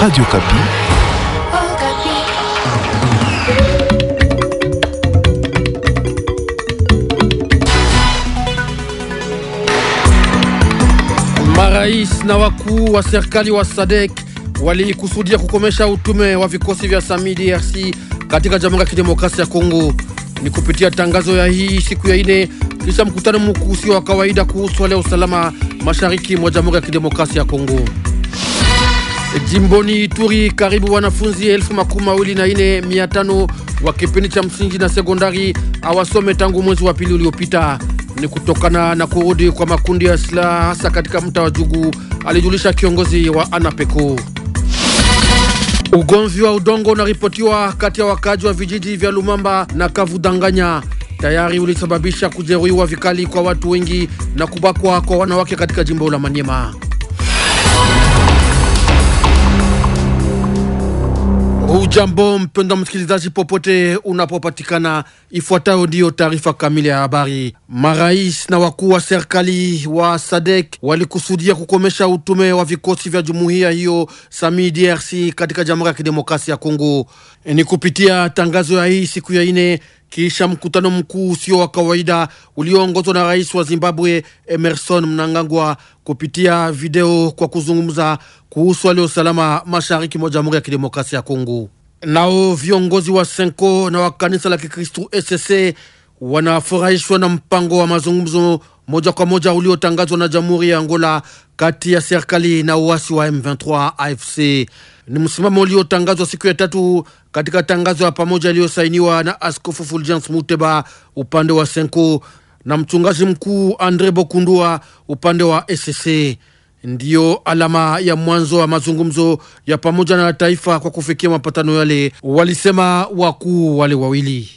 Radio Kapi. Marais na wakuu wa serikali wa SADC walikusudia kukomesha utume wa vikosi vya SAMI DRC katika Jamhuri ya Kidemokrasia ya Kongo. Ni kupitia tangazo ya hii siku ya ine kisha mkutano mkuu usio wa kawaida kuhusu hali ya usalama mashariki mwa Jamhuri ya Kidemokrasia ya Kongo. Jimboni Ituri karibu wanafunzi elfu makumi mawili na ine mia tano wa kipindi cha msingi na sekondari awasome tangu mwezi wa pili uliopita. Ni kutokana na kurudi kwa makundi ya silaha hasa katika mtaa wa Jugu, alijulisha kiongozi wa Anapeko. Ugomvi wa udongo unaripotiwa kati ya wakaji wa vijiji vya Lumamba na Kavudanganya tayari ulisababisha kujeruhiwa vikali kwa watu wengi na kubakwa kwa wanawake katika jimbo la Manyema. Ujambo mpenda msikilizaji, popote unapopatikana, ifuatayo ndiyo taarifa kamili ya habari. Marais na wakuu wa serikali wa SADC walikusudia kukomesha utume wa vikosi vya jumuiya hiyo SAMI DRC katika Jamhuri ya Kidemokrasia ya Kongo. Ni kupitia tangazo ya hii siku ya ine kisha mkutano mkuu usio wa kawaida ulioongozwa na rais wa Zimbabwe Emerson Mnangagwa kupitia video kwa kuzungumza kuhusu hali ya usalama mashariki mwa Jamhuri ya Kidemokrasia ya Kongo. Nao viongozi wa Senko na wa kanisa la Kikristu ECC wanafurahishwa na mpango wa mazungumzo moja kwa moja uliotangazwa na Jamhuri ya Angola kati ya serikali na uasi wa M23 AFC. Ni msimamo uliotangazwa siku ya tatu katika tangazo ya pamoja iliyosainiwa na Askofu Fulgence Muteba upande wa Senko na mchungaji mkuu Andre Bokundua upande wa sc Ndiyo alama ya mwanzo wa mazungumzo ya pamoja na taifa kwa kufikia mapatano yale, walisema wakuu wale wawili.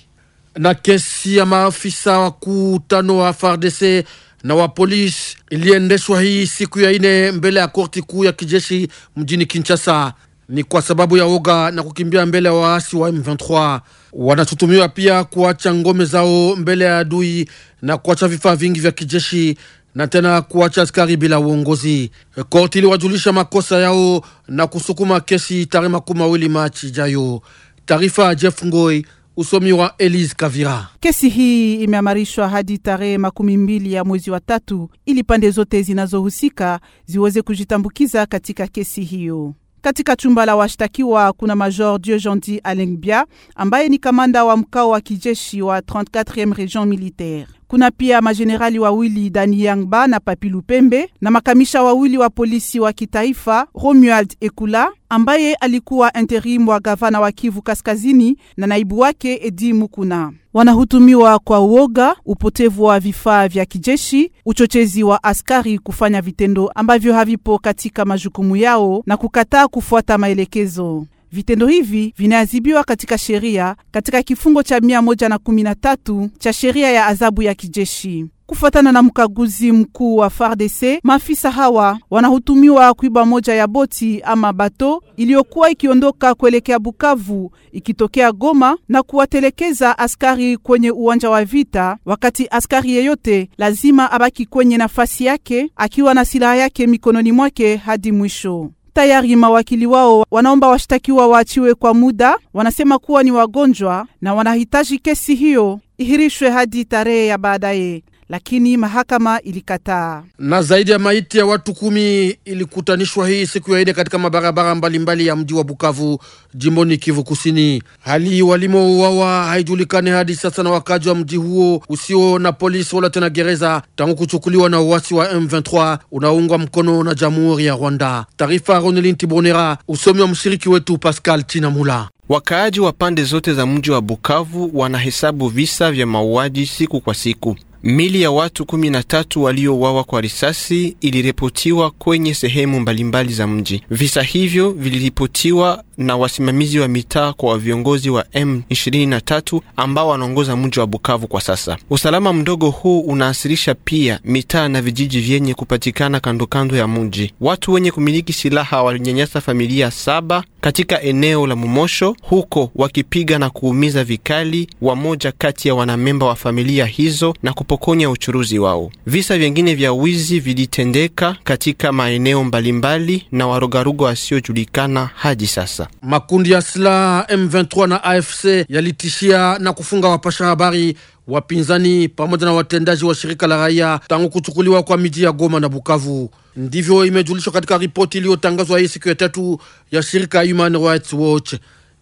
Na kesi ya maafisa wakuu tano wa FARDC na wa polisi iliendeshwa hii siku ya ine mbele ya korti kuu ya kijeshi mjini Kinshasa. Ni kwa sababu ya woga na kukimbia mbele ya waasi wa M23. Wanashutumiwa pia kuacha ngome zao mbele ya adui na kuacha vifaa vingi vya kijeshi na tena kuacha askari bila uongozi. Korti iliwajulisha makosa yao na kusukuma kesi tarehe makumi mawili Machi ijayo. Taarifa ya Jeff Ngoi Usomi wa Elise Kavira. Kesi hii imeamarishwa hadi tarehe makumi mbili ya mwezi wa tatu ili pande zote zinazohusika ziweze kujitambukiza katika kesi hiyo. Katika chumba la washtakiwa kuna Major Dieu jean Alengbia ambaye ni kamanda wa mkao wa kijeshi wa 34e Region Militaire. Kuna pia majenerali wawili Dani Yangba na Papi Lupembe na makamisha wawili wa polisi wa kitaifa Romuald Ekula ambaye alikuwa interimu wa gavana wa Kivu Kaskazini na naibu wake Edi Mukuna. Wanahutumiwa kwa uoga, upotevu wa vifaa vya kijeshi, uchochezi wa askari kufanya vitendo ambavyo havipo katika majukumu yao na kukataa kufuata maelekezo. Vitendo hivi vinaadhibiwa katika sheria katika kifungo cha 113 cha sheria ya adhabu ya kijeshi. Kufuatana na mkaguzi mkuu wa FARDC, maafisa hawa wanahutumiwa kuiba moja ya boti ama bato iliyokuwa ikiondoka kuelekea Bukavu ikitokea Goma na kuwatelekeza askari kwenye uwanja wa vita, wakati askari yeyote lazima abaki kwenye nafasi yake akiwa na silaha yake mikononi mwake hadi mwisho. Tayari mawakili wao wanaomba washtakiwa waachiwe kwa muda, wanasema kuwa ni wagonjwa na wanahitaji kesi hiyo ihirishwe hadi tarehe ya baadaye lakini mahakama ilikataa. Na zaidi ya maiti ya watu kumi ilikutanishwa hii siku ya ine katika mabarabara mbalimbali ya mji wa Bukavu, jimboni Kivu Kusini. Hali walimouawa haijulikani hadi sasa na wakaji wa mji huo usio na polisi wala tena gereza tangu kuchukuliwa na uasi wa M23 unaungwa mkono na jamhuri ya Rwanda. Taarifa Ronelin Tibonera, usomi wa mshiriki wetu Pascal Tinamula. Wakaaji wa pande zote za mji wa Bukavu wanahesabu visa vya mauaji siku kwa siku. Mili ya watu 13 waliouawa kwa risasi iliripotiwa kwenye sehemu mbalimbali za mji. Visa hivyo viliripotiwa na wasimamizi wa mitaa kwa viongozi wa M23 ambao wanaongoza mji wa Bukavu kwa sasa. Usalama mdogo huu unaasirisha pia mitaa na vijiji vyenye kupatikana kandokando ya mji. Watu wenye kumiliki silaha walinyanyasa familia saba katika eneo la Mumosho, huko wakipiga na kuumiza vikali wamoja kati ya wanamemba wa familia hizo na kuwapokonya uchuruzi wao. Visa vyengine vya wizi vilitendeka katika maeneo mbalimbali na warogarugo wasiojulikana hadi sasa. Makundi ya silaha M23 na AFC yalitishia na kufunga wapasha habari wapinzani pamoja na watendaji wa shirika la raia tangu kuchukuliwa kwa miji ya Goma na Bukavu. Ndivyo imejulishwa katika ripoti iliyotangazwa hii siku ya tatu ya shirika Human Rights Watch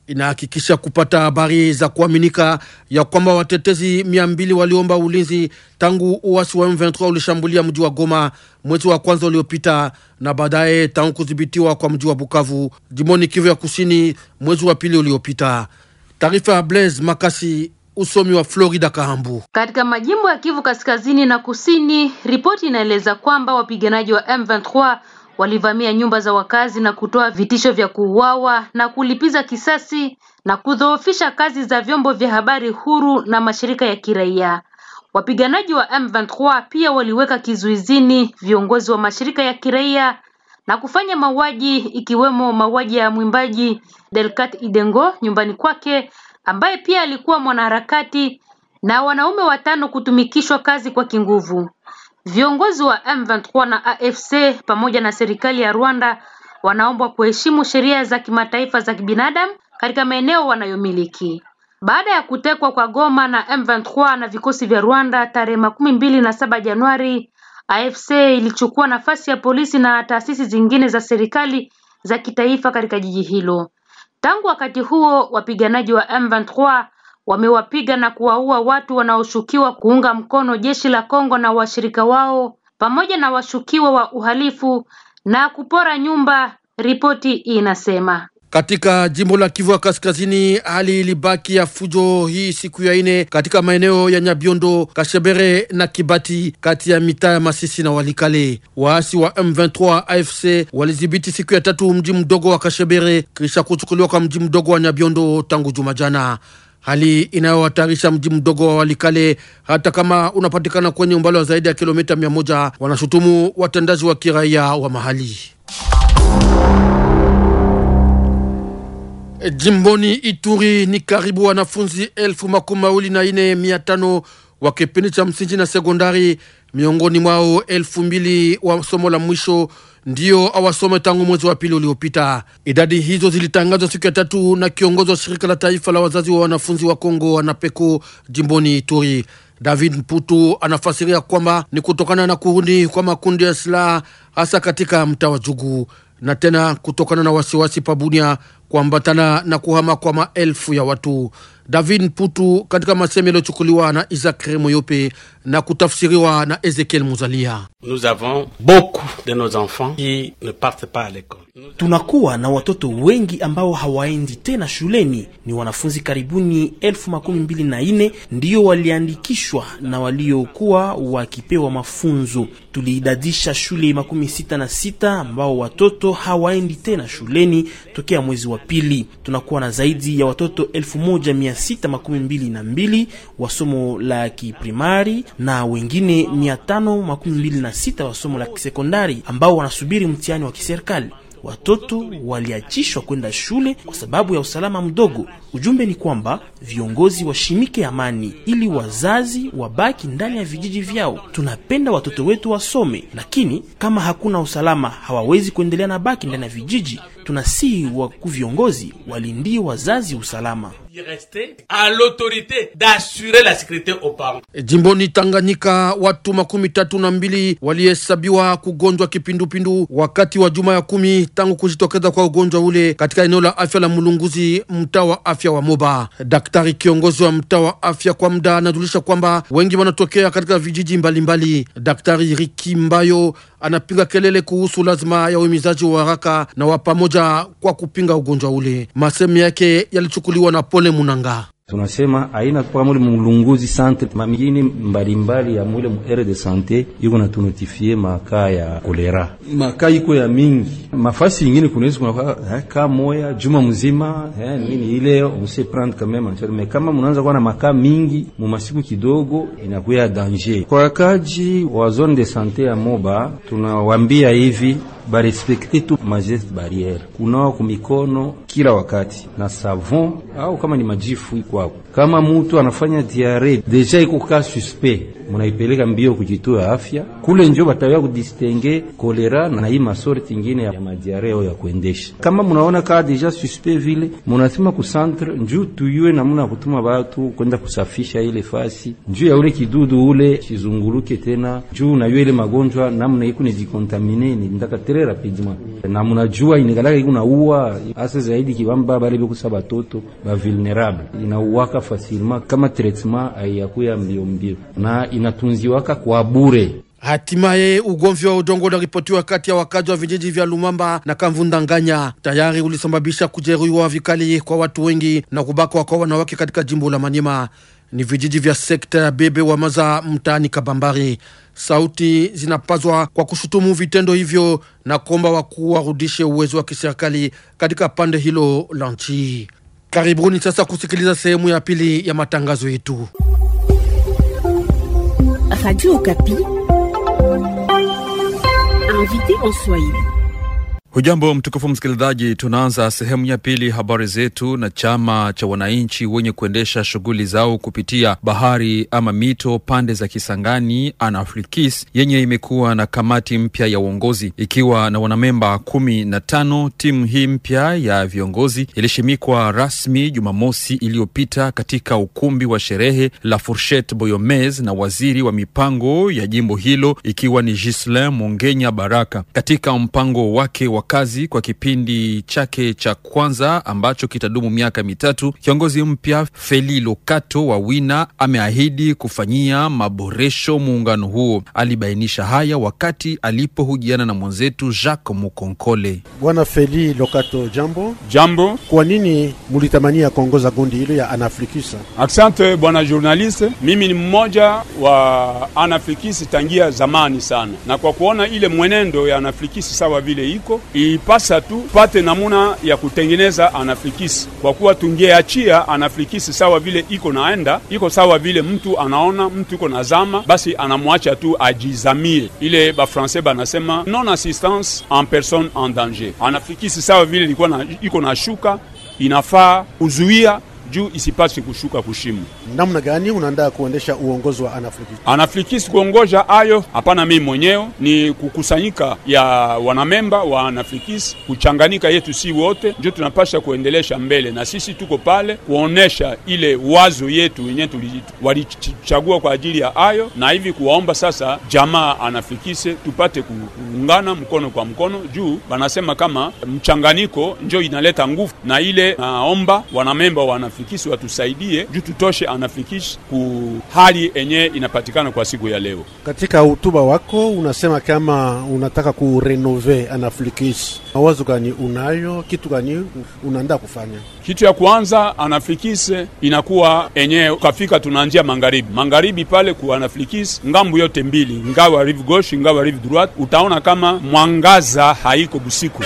inahakikisha kupata habari za kuaminika ya kwamba watetezi mia mbili waliomba ulinzi tangu uasi wa M23 ulishambulia mji wa Goma mwezi wa kwanza uliopita na baadaye tangu kudhibitiwa kwa mji wa Bukavu jimoni Kivu ya kusini mwezi wa pili uliopita. Taarifa ya Blaise Makasi. Usomi wa Florida Kahambu. Katika majimbo ya Kivu kaskazini na kusini, ripoti inaeleza kwamba wapiganaji wa M23 walivamia nyumba za wakazi na kutoa vitisho vya kuuawa na kulipiza kisasi na kudhoofisha kazi za vyombo vya habari huru na mashirika ya kiraia. Wapiganaji wa M23 pia waliweka kizuizini viongozi wa mashirika ya kiraia na kufanya mauaji ikiwemo mauaji ya mwimbaji Delcat Idengo nyumbani kwake ambaye pia alikuwa mwanaharakati na wanaume watano kutumikishwa kazi kwa kinguvu. Viongozi wa M23 na AFC pamoja na serikali ya Rwanda wanaombwa kuheshimu sheria za kimataifa za kibinadamu katika maeneo wanayomiliki. Baada ya kutekwa kwa Goma na M23 na vikosi vya Rwanda tarehe makumi mbili na saba Januari, AFC ilichukua nafasi ya polisi na taasisi zingine za serikali za kitaifa katika jiji hilo. Tangu wakati huo, wapiganaji wa M23 wamewapiga na kuwaua watu wanaoshukiwa kuunga mkono jeshi la Kongo na washirika wao pamoja na washukiwa wa uhalifu na kupora nyumba, ripoti inasema. Katika jimbo la Kivu ya Kaskazini, hali ilibaki ya fujo hii siku ya ine katika maeneo ya Nyabiondo, Kashebere na Kibati, kati ya mitaa ya Masisi na Walikale. Waasi wa M23 AFC walidhibiti siku ya tatu mji mdogo wa Kashebere kisha kuchukuliwa kwa mji mdogo wa Nyabiondo tangu jumajana jana hali inayohatarisha mji mdogo wa Walikale hata kama unapatikana kwenye umbali wa zaidi ya kilomita mia moja. Wanashutumu watendaji wa kiraia wa mahali jimboni Ituri. Ni karibu wanafunzi elfu makumi mawili na ine mia tano wa kipindi cha msingi na sekondari, miongoni mwao elfu mbili wa somo la mwisho ndiyo awasome tangu mwezi wa pili uliopita. Idadi hizo zilitangazwa siku ya tatu na kiongozi wa shirika la taifa la wazazi wa wanafunzi wa Kongo na jimboni Ituri. David Mputu anafasiria kwamba ni kutokana na kurudi kwa makundi ya silaha hasa katika mtaa wa Jugu na tena kutokana na wasiwasi pabunia kuambatana na kuhama kwa maelfu ya watu. David Mputu katika masemo yaliyochukuliwa na Isaac Remoyope na kutafsiriwa na Ezekiel Muzalia. Nous avons beaucoup de nos enfants qui ne partent pas à l'école. Tunakuwa na watoto wengi ambao hawaendi tena shuleni. Ni wanafunzi karibuni elfu makumi mbili na nne ndiyo waliandikishwa na waliokuwa wakipewa mafunzo. Tuliidadisha shule makumi sita na sita ambao watoto hawaendi tena shuleni tokea mwezi wa pili. Tunakuwa na zaidi ya watoto 1612 wa somo la kiprimari na wengine 526 wa somo la kisekondari ambao wanasubiri mtihani wa kiserikali watoto waliachishwa kwenda shule kwa sababu ya usalama mdogo. Ujumbe ni kwamba viongozi washimike amani, ili wazazi wabaki ndani ya vijiji vyao. Tunapenda watoto wetu wasome, lakini kama hakuna usalama hawawezi kuendelea na baki ndani ya vijiji. Tunasihi wakuu viongozi walindie wazazi usalama rester à l'autorité d'assurer la sécurité au parlement. E, jimboni Tanganyika, watu makumi tatu na mbili walihesabiwa kugonjwa kipindupindu wakati wa juma ya kumi tangu kujitokeza kwa ugonjwa ule katika eneo la afya la Mulunguzi, mtaa wa afya wa Moba. Daktari kiongozi wa mtaa wa afya kwa muda anajulisha kwamba wengi wanatokea katika vijiji mbalimbali mbali. Daktari Riki Mbayo anapiga kelele kuhusu lazima ya uhimizaji wa haraka na wa pamoja kwa kupinga ugonjwa ule. Masemi yake yalichukuliwa na Pole Munanga tunasema aina kwa mwili mulunguzi centre mamingine mbalimbali ya mu ere de sante iko na tunotifie maka ya kolera, maka iko ya mingi mafasi ingine kunaweza kuna eh, ka moya juma mzima eh, nini ile mse prendre quand même en mais kama mnaanza kuwa na makaa mingi mu masiku kidogo inakuwa danger kwa kaji wa zone de sante ya Moba tunawambia hivi barespekte tu mageste barriere, kunawa kumikono kila wakati na savon au kama ni majifu kwako kama mutu anafanya diare deja iko ka suspect, munaipeleka mbio ya afya kule, njo batawea kudistingue kolera na hii masorti ingine ya madiare ao ya kuendesha. Kama munaona ka deja suspect vile, munasema ku centre njuu tuyue namuna kutuma batu kwenda kusafisha ile fasi njuu ya ule kidudu ule kizunguluke tena njuu nayue ile magonjwa namuna iko ni jikontamine ni ndaka tere rapidima na munajua inekalaka iko uwa hasa zaidi kibamba bale bekusa batoto ba vulnerable inauwaka fasilma kama tretema eh, ayakuya mbio mbio na inatunziwaka kwa bure. Hatimaye ugomvi wa udongo unaripotiwa kati ya wakazi wa vijiji vya Lumamba na Kamvundanganya tayari ulisababisha kujeruhiwa vikali kwa watu wengi na kubakwa kwa wanawake katika jimbo la Manyema. Ni vijiji vya sekta ya Bebe wa Maza mtaani Kabambari. Sauti zinapazwa kwa kushutumu vitendo hivyo na kuomba wakuu warudishe uwezo wa kiserikali katika pande hilo la nchi. Karibuni sasa kusikiliza sehemu ya pili ya matangazo yetu. Radio Okapi invité en Swahili Hujambo mtukufu msikilizaji, tunaanza sehemu ya pili habari zetu. Na chama cha wananchi wenye kuendesha shughuli zao kupitia bahari ama mito pande za Kisangani, Anafrikis, yenye imekuwa na kamati mpya ya uongozi ikiwa na wanamemba kumi na tano. Timu hii mpya ya viongozi ilishimikwa rasmi Jumamosi iliyopita katika ukumbi wa sherehe La furshet boyomes na waziri wa mipango ya jimbo hilo ikiwa ni Gislin Mongenya Baraka katika mpango wake wa kazi kwa kipindi chake cha kwanza ambacho kitadumu miaka mitatu. Kiongozi mpya Feli Lokato wa Wina ameahidi kufanyia maboresho muungano huo. Alibainisha haya wakati alipohujiana na mwenzetu Jacques Mukonkole. Bwana Feli Lokato, jambo. Jambo. Kwa nini mulitamania kuongoza gundi hilo ya Anafrikisa? Aksante bwana journaliste, mimi ni mmoja wa Anafrikisi tangia zamani sana, na kwa kuona ile mwenendo ya Anafrikisi sawa vile iko ipasa tu pate namuna ya kutengeneza anaflikisi, kwa kuwa tungeachia anaflikisi sawa vile iko naenda, iko sawa vile mtu anaona mtu iko na zama, basi anamwacha tu ajizamie. Ile bafrancais banasema non assistance en personne en danger. Anaflikisi sawa vile iko na shuka, inafaa kuzuia juu isipasi kushuka kushimu. Namna gani unaandaa kuendesha uongozi wa Anafrikis? Anafrikis kuongoza hayo hapana, mimi mwenyewe ni kukusanyika ya wanamemba wa Anafrikis, kuchanganika yetu si wote, ndio tunapasha kuendelesha mbele, na sisi tuko pale kuonesha ile wazo yetu wenye walichagua kwa ajili ya hayo, na hivi kuwaomba sasa jamaa Anafikise tupate kuungana mkono kwa mkono, juu banasema kama mchanganiko njo inaleta nguvu, na ile naomba wanamemba wa Anafrikis wanafikisi watusaidie juu tutoshe anafikishi ku hali yenyewe inapatikana kwa siku ya leo. Katika hotuba wako unasema kama unataka kurenove anafikishi, mawazo gani unayo? Kitu gani unaenda kufanya? Kitu ya kwanza anafikise inakuwa enye ukafika, tunaanzia magharibi magharibi pale ku anafikisi ngambu yote mbili, ngawa rive gauche, ngawa rive droite, utaona kama mwangaza haiko busiku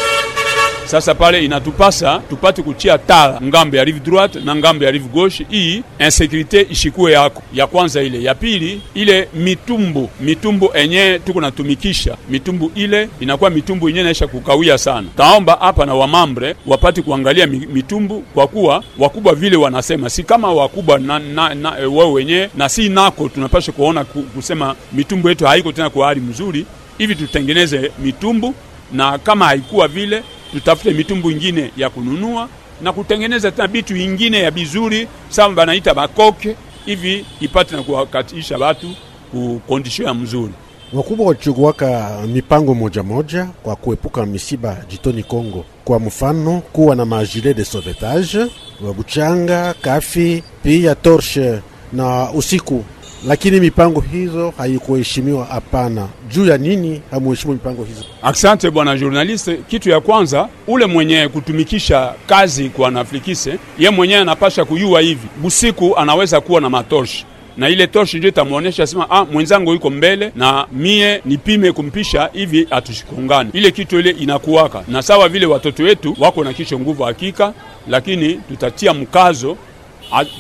sasa pale inatupasa tupate kuchia tala ngambo ya rive droite na ngambo ya rive gauche, ii insekurite ishikue yako ya kwanza. Ile ya pili, ile mitumbu mitumbu enye tuko natumikisha mitumbu ile inakuwa mitumbu yenye naisha kukawia sana. Taomba hapa na wamambre wapate kuangalia mitumbu, kwa kuwa wakubwa vile wanasema si kama wakubwa na, na, na, e, wao wenyewe na si nako tunapasha kuona kusema mitumbu yetu haiko tena kwa hali mzuri hivi, tutengeneze mitumbu na kama haikuwa vile tutafute mitumbu ingine ya kununua na kutengeneza tena bitu ingine ya bizuri, sama banaita bakoke hivi, ipate na kuwakatisha batu kukondisho ya mzuri. Wakubwa wachukuaka mipango moja moja kwa kuepuka misiba jitoni Kongo, kwa mfano kuwa na majile de sauvetage wa buchanga, kafi pia torshe na usiku lakini mipango hizo haikuheshimiwa. Hapana, juu ya nini hamuheshimu mipango hizo? Aksante bwana journaliste. Kitu ya kwanza, ule mwenye kutumikisha kazi kwa Naflikise, ye mwenyewe anapasha kuyua hivi, busiku anaweza kuwa na matoshi na ile toshi ndio itamwonyesha sema, ah, mwenzangu yuko mbele na mie nipime kumpisha hivi atushikungane Ile kitu ile inakuwaka na sawa vile watoto wetu wako na kisho nguvu hakika, lakini tutatia mkazo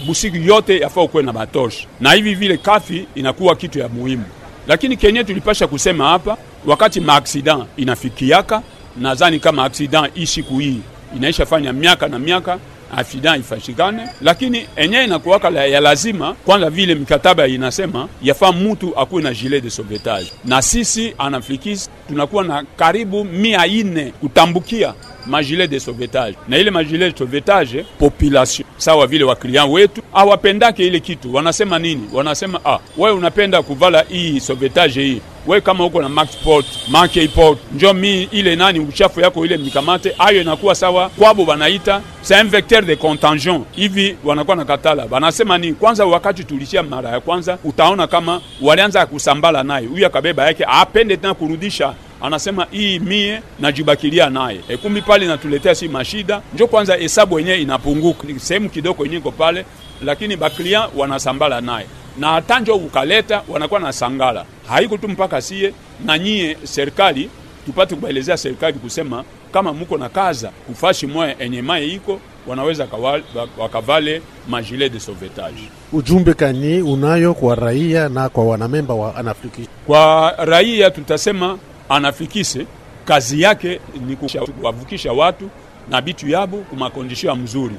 busiku yote yafaa ukuwe na batoshe na hivi vile kafi inakuwa kitu ya muhimu. Lakini kenye tulipasha kusema hapa, wakati maaksidan inafikiaka, nadhani kama aksidan hii siku hii inaisha fanya miaka na miaka afida ifashikane, lakini enye inakuwaka la ya lazima kwanza, vile mikataba inasema yafaa mutu akuwe na gilet de sauvetage, na sisi anafikisi tunakuwa na karibu mia ine kutambukia majile de sauvetage, na ile majile de sauvetage population sawa vile wa client wetu awapendake ile kitu. Wanasema nini? Wanasema ah, we unapenda kuvala hii sauvetage hii we kama uko na maxport makeport njo mi ile nani uchafu yako ile mikamate ayo inakuwa sawa kwabo, banaita c'est un vecteur de contagion. Hivi wanakuwa na katala, banasema ni kwanza, wakati tulishia mara ya kwanza, utaona kama walianza kusambala naye, huyu akabeba yake apende tena kurudisha anasema hii mie najibakilia naye. E, kumbi pale inatuletea si mashida, njo kwanza hesabu yenyewe inapunguka sehemu kidogo yenyewe iko pale, lakini baklia wanasambala naye na hata njo ukaleta wanakuwa na sangala haiko tu mpaka sie na nyie serikali tupate kubaelezea serikali kusema kama muko na kaza kufashi mwaye enye mai iko wanaweza kawale, wakavale majile de sauvetage. Ujumbe kani unayo kwa raia na kwa wanamemba wa Anafriki? Kwa raia tutasema anafikise kazi yake ni kuwavukisha watu na bitu yabo kumakondisho ya mzuri,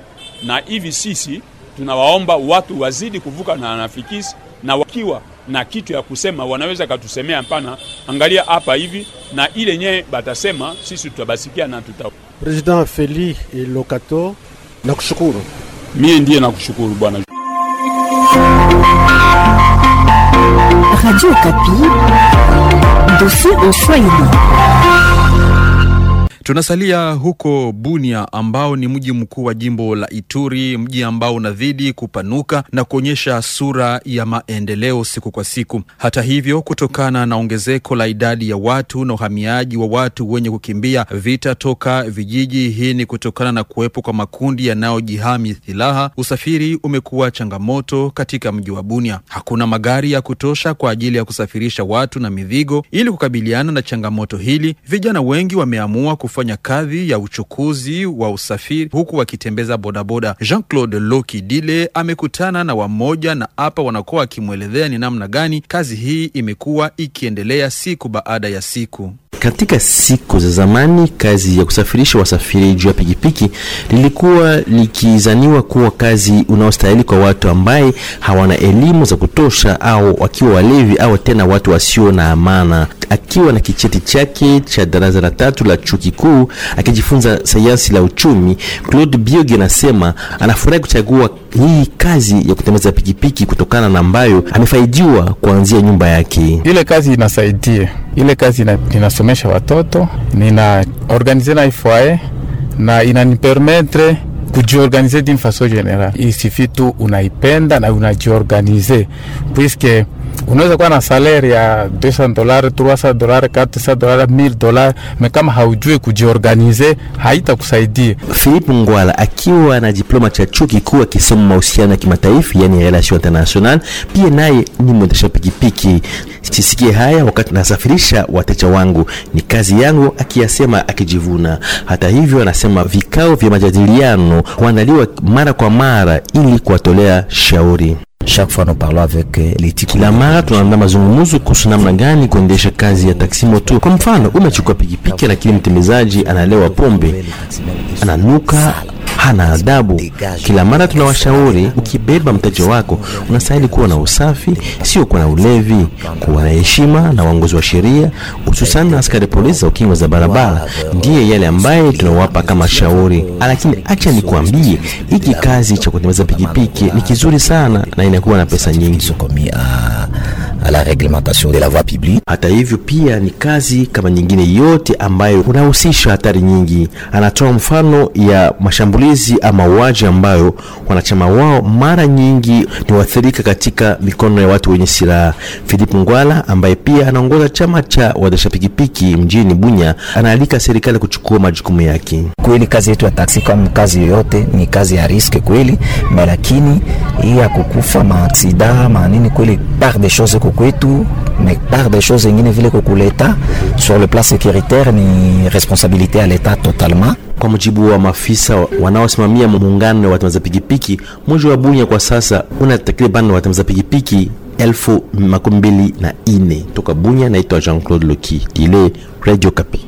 na hivi sisi tunawaomba watu wazidi kuvuka na anafikisi, na wakiwa na kitu ya kusema wanaweza katusemea, mpana angalia hapa hivi na ile nye batasema, sisi tutabasikia na tuta. President Feli Lokato, nakushukuru. Mie ndiye nakushukuru bwana. Radio Kapi. douce au foyer. Tunasalia huko Bunia ambao ni mji mkuu wa jimbo la Ituri, mji ambao unazidi kupanuka na kuonyesha sura ya maendeleo siku kwa siku. Hata hivyo, kutokana na ongezeko la idadi ya watu na uhamiaji wa watu wenye kukimbia vita toka vijiji, hii ni kutokana na kuwepo kwa makundi yanayojihami silaha, usafiri umekuwa changamoto katika mji wa Bunia. Hakuna magari ya kutosha kwa ajili ya kusafirisha watu na mizigo. Ili kukabiliana na changamoto hili, vijana wengi wameamua wanafanya kazi ya uchukuzi wa usafiri huku wakitembeza bodaboda. Jean-Claude Loki Dile amekutana na wamoja na hapa wanakuwa wakimwelezea ni namna gani kazi hii imekuwa ikiendelea siku baada ya siku. Katika siku za zamani kazi ya kusafirisha wasafiri juu ya pikipiki lilikuwa likizaniwa kuwa kazi unaostahili kwa watu ambaye hawana elimu za kutosha, au wakiwa walevi, au tena watu wasio na amana akiwa na kicheti chake cha darasa la tatu la chuo kikuu akijifunza sayansi la uchumi. Claude Biogi anasema anafurahi kuchagua hii kazi ya kutembeza pikipiki kutokana na ambayo amefaidiwa kuanzia nyumba yake. Ile kazi inasaidia, ile kazi inasomesha watoto, ninaorganize na ifae na inanipermetre kujiorganize d'une façon générale. Isifi unaipenda na unajiorganize puisque unaweza kuwa na salary ya 200 dolari 300 dolari 400 dolari 1000 dolari me kama haujui kujiorganize haitakusaidia. Philip Ngwala akiwa na diploma cha chuo kikuu akisoma mahusiano ya kimataifa, yani relation international, pia naye ni mwendesha pikipiki. Sisikie haya wakati nasafirisha wateja wangu, ni kazi yangu, akiyasema akijivuna. Hata hivyo, anasema vikao vya majadiliano huandaliwa mara kwa mara ili kuwatolea shauri chaque fois nous parlons avec euh, l'éthique. Kila mara tunaandaa mazungumzo kuhusu namna gani kuendesha kazi ya taksi moto. Kwa mfano, umechukua pikipiki lakini mtemezaji analewa pombe, ananuka hana adabu. Kila mara tunawashauri, ukibeba mteja wako unastahili kuwa na usafi, sio kuwa na ulevi, kuwa na heshima na uongozi wa sheria, hususan na askari polisi za ukingo za barabara. Ndiye yale ambaye tunawapa kama shauri, lakini acha nikuambie, hiki kazi cha kutembeza pikipiki ni kizuri sana na kuwa na pesa nyingi à la réglementation de la voie publique. Hata hivyo, pia ni kazi kama nyingine yote ambayo unahusisha hatari nyingi. Anatoa mfano ya mashambulizi ama mauaji ambayo wanachama wao mara nyingi ni waathirika katika mikono ya watu wenye silaha. Philip Ngwala ambaye pia anaongoza chama cha waendesha pikipiki mjini Bunya anaalika serikali kuchukua majukumu yake. Kweli kazi yetu ya taksi kwa kazi yoyote ni kazi ya riske kweli, lakini hii ya kukufa maaksida manini kweli par des choses kwetu mepart des choses ingine vile kokuleta sur le plan sécuritaire ni responsabilité ya leta totalement. Kwa mujibu wa maafisa wanaosimamia muungano wa watembezaji pikipiki, mji wa Bunya kwa sasa una takriban watembezaji pikipiki elfu makumi mbili na ine toka Bunya. Naitwa Jean Claude Loki ile Radio Kapi.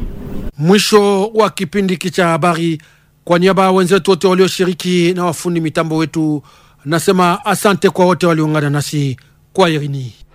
Mwisho wa kipindi hiki cha habari, kwa niaba ya wenzetu wote walioshiriki na wafundi mitambo wetu, nasema asante kwa wote waliungana nasi kwa Irini.